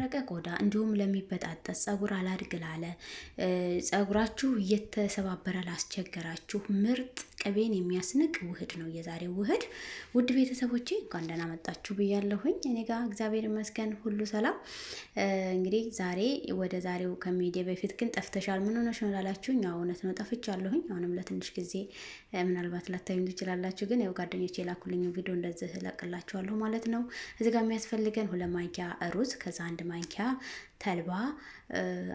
ለደረቀ ቆዳ እንዲሁም ለሚበጣጠስ ጸጉር አላድግ ላለ ጸጉራችሁ እየተሰባበረ ላስቸገራችሁ ምርጥ ቅቤን የሚያስንቅ ውህድ ነው የዛሬው ውህድ። ውድ ቤተሰቦቼ እንኳን ደህና መጣችሁ ብያለሁኝ። እኔ ጋር እግዚአብሔር ይመስገን ሁሉ ሰላም። እንግዲህ ዛሬ ወደ ዛሬው ከሚዲያ በፊት ግን ጠፍተሻል፣ ምን ሆነሽ ነው ላላችሁኝ፣ እውነት ነው ጠፍቻለሁኝ። አሁንም ለትንሽ ጊዜ ምናልባት ላታዩኝ ትችላላችሁ፣ ግን ያው ጓደኞቼ የላኩልኝ ቪዲዮ እንደዚህ እለቅላችኋለሁ ማለት ነው። እዚህ ጋር የሚያስፈልገን ሁለት ማንኪያ ሩዝ ከዛ አንድ ማንኪያ ተልባ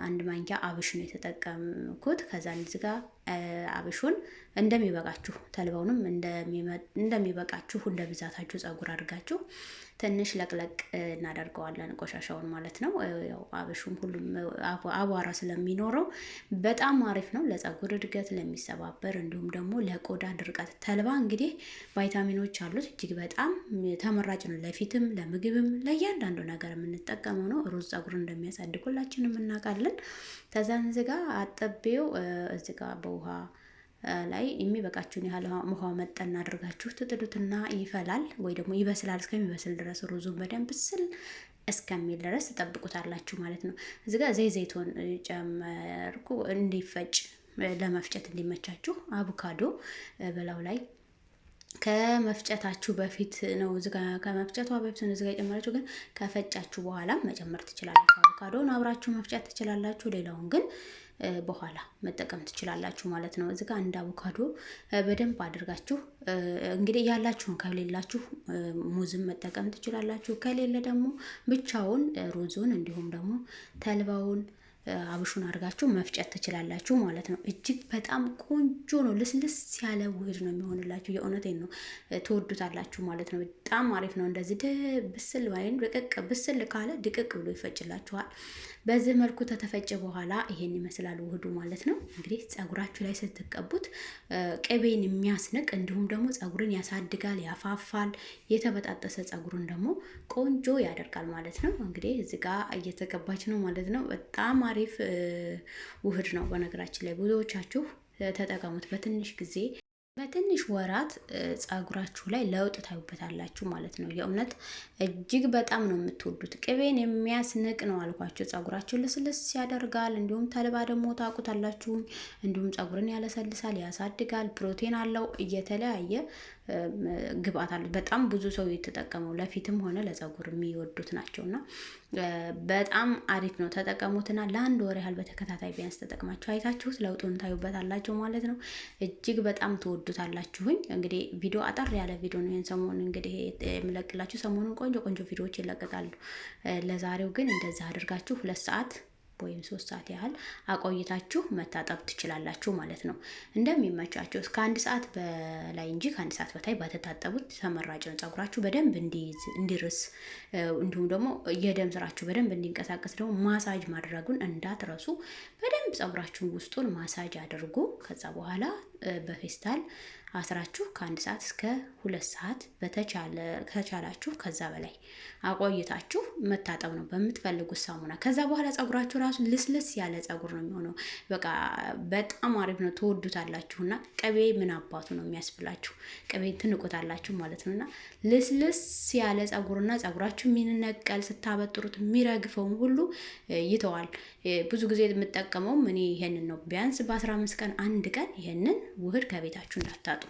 አንድ ማንኪያ አብሽ ነው የተጠቀምኩት። ከዛ እዚህ ጋር አብሹን እንደሚበቃችሁ ተልባውንም እንደሚበቃችሁ እንደ ብዛታችሁ ጸጉር አድርጋችሁ ትንሽ ለቅለቅ እናደርገዋለን ቆሻሻውን ማለት ነው። ያው አብሹም ሁሉም አቧራ ስለሚኖረው በጣም አሪፍ ነው ለፀጉር እድገት፣ ለሚሰባበር እንዲሁም ደግሞ ለቆዳ ድርቀት። ተልባ እንግዲህ ቫይታሚኖች አሉት እጅግ በጣም ተመራጭ ነው። ለፊትም፣ ለምግብም፣ ለእያንዳንዱ ነገር የምንጠቀመው ነው። ሩዝ ፀጉር እንደሚያሳድግ ሁላችንም እናውቃለን። አጠቤው እዚጋ በውሃ ላይ የሚበቃችሁን ያህል ውሃ መጠን አድርጋችሁ ትጥዱትና ይፈላል ወይ ደግሞ ይበስላል። እስከሚበስል ድረስ ሩዙን በደንብ ስል እስከሚል ድረስ ትጠብቁታላችሁ ማለት ነው። እዚ ጋር ዘይ ዘይቶን ጨመርኩ እንዲፈጭ ለመፍጨት እንዲመቻችሁ አቮካዶ በላው ላይ ከመፍጨታችሁ በፊት ነው። ዝጋ ከመፍጨቷ በፊት ነው ዝጋ የጨመራችሁ፣ ግን ከፈጫችሁ በኋላ መጨመር ትችላላችሁ። አቮካዶን አብራችሁ መፍጨት ትችላላችሁ። ሌላውን ግን በኋላ መጠቀም ትችላላችሁ ማለት ነው። እዚጋ እንደ አቮካዶ በደንብ አድርጋችሁ እንግዲህ ያላችሁን ከሌላችሁ ሙዝም መጠቀም ትችላላችሁ። ከሌለ ደግሞ ብቻውን ሩዙን እንዲሁም ደግሞ ተልባውን አብሹን አድርጋችሁ መፍጨት ትችላላችሁ ማለት ነው። እጅግ በጣም ቆንጆ ነው። ልስልስ ያለ ውህድ ነው የሚሆንላችሁ። የእውነቴን ነው፣ ትወዱታላችሁ ማለት ነው። በጣም አሪፍ ነው። እንደዚህ ብስል ወይም ርቅቅ ብስል ካለ ድቅቅ ብሎ ይፈጭላችኋል። በዚህ መልኩ ከተፈጨ በኋላ ይሄን ይመስላል ውህዱ ማለት ነው። እንግዲህ ጸጉራችሁ ላይ ስትቀቡት ቅቤን የሚያስንቅ እንዲሁም ደግሞ ጸጉርን ያሳድጋል፣ ያፋፋል፣ የተበጣጠሰ ጸጉርን ደግሞ ቆንጆ ያደርጋል ማለት ነው። እንግዲህ እዚህ ጋ እየተቀባች ነው ማለት ነው። በጣም አሪፍ ውህድ ነው። በነገራችን ላይ ብዙዎቻችሁ ተጠቀሙት በትንሽ ጊዜ በትንሽ ወራት ጸጉራችሁ ላይ ለውጥ ታዩበታላችሁ ማለት ነው። የእውነት እጅግ በጣም ነው የምትወዱት። ቅቤን የሚያስንቅ ነው አልኳችሁ። ፀጉራችሁ ልስልስ ያደርጋል። እንዲሁም ተልባ ደግሞ ታውቁታላችሁ። እንዲሁም ፀጉርን ያለሰልሳል፣ ያሳድጋል። ፕሮቲን አለው። እየተለያየ ግብአት አለ። በጣም ብዙ ሰው የተጠቀመው ለፊትም ሆነ ለፀጉር የሚወዱት ናቸው እና በጣም አሪፍ ነው። ተጠቀሙትና ለአንድ ወር ያህል በተከታታይ ቢያንስ ተጠቅማችሁ አይታችሁት ለውጡን ታዩበታላችሁ ማለት ነው። እጅግ በጣም ትወዱ ትወዱታላችሁኝ። እንግዲህ ቪዲዮ አጠር ያለ ቪዲዮ ነው። ይህን ሰሞኑን እንግዲህ የምለቅላችሁ ሰሞኑን ቆንጆ ቆንጆ ቪዲዮዎች ይለቀቃሉ። ለዛሬው ግን እንደዚህ አድርጋችሁ ሁለት ሰዓት ወይም ሶስት ሰዓት ያህል አቆይታችሁ መታጠብ ትችላላችሁ ማለት ነው። እንደሚመቻችሁ እስከ አንድ ሰዓት በላይ እንጂ ከአንድ ሰዓት በታይ ባተታጠቡት ተመራጭ ነው። ጸጉራችሁ በደንብ እንዲይዝ እንዲርስ፣ እንዲሁም ደግሞ የደም ስራችሁ በደንብ እንዲንቀሳቀስ ደግሞ ማሳጅ ማድረጉን እንዳትረሱ። በደንብ ጸጉራችሁን ውስጡን ማሳጅ አድርጉ። ከዛ በኋላ በፌስታል አስራችሁ ከአንድ ሰዓት እስከ ሁለት ሰዓት ከተቻላችሁ ከዛ በላይ አቆይታችሁ መታጠብ ነው በምትፈልጉት ሳሙና። ከዛ በኋላ ጸጉራችሁ ራሱ ልስልስ ያለ ጸጉር ነው የሚሆነው። በቃ በጣም አሪፍ ነው፣ ትወዱታላችሁና ቅቤ ምን አባቱ ነው የሚያስብላችሁ? ቅቤ ትንቁታላችሁ ማለት ነው። እና ልስልስ ያለ ጸጉርና ጸጉራችሁ የሚንነቀል ስታበጥሩት የሚረግፈውም ሁሉ ይተዋል። ብዙ ጊዜ የምጠቀመውም እኔ ይሄንን ነው። ቢያንስ በአስራ አምስት ቀን አንድ ቀን ይሄንን ውህድ ከቤታችሁ እንዳታጡ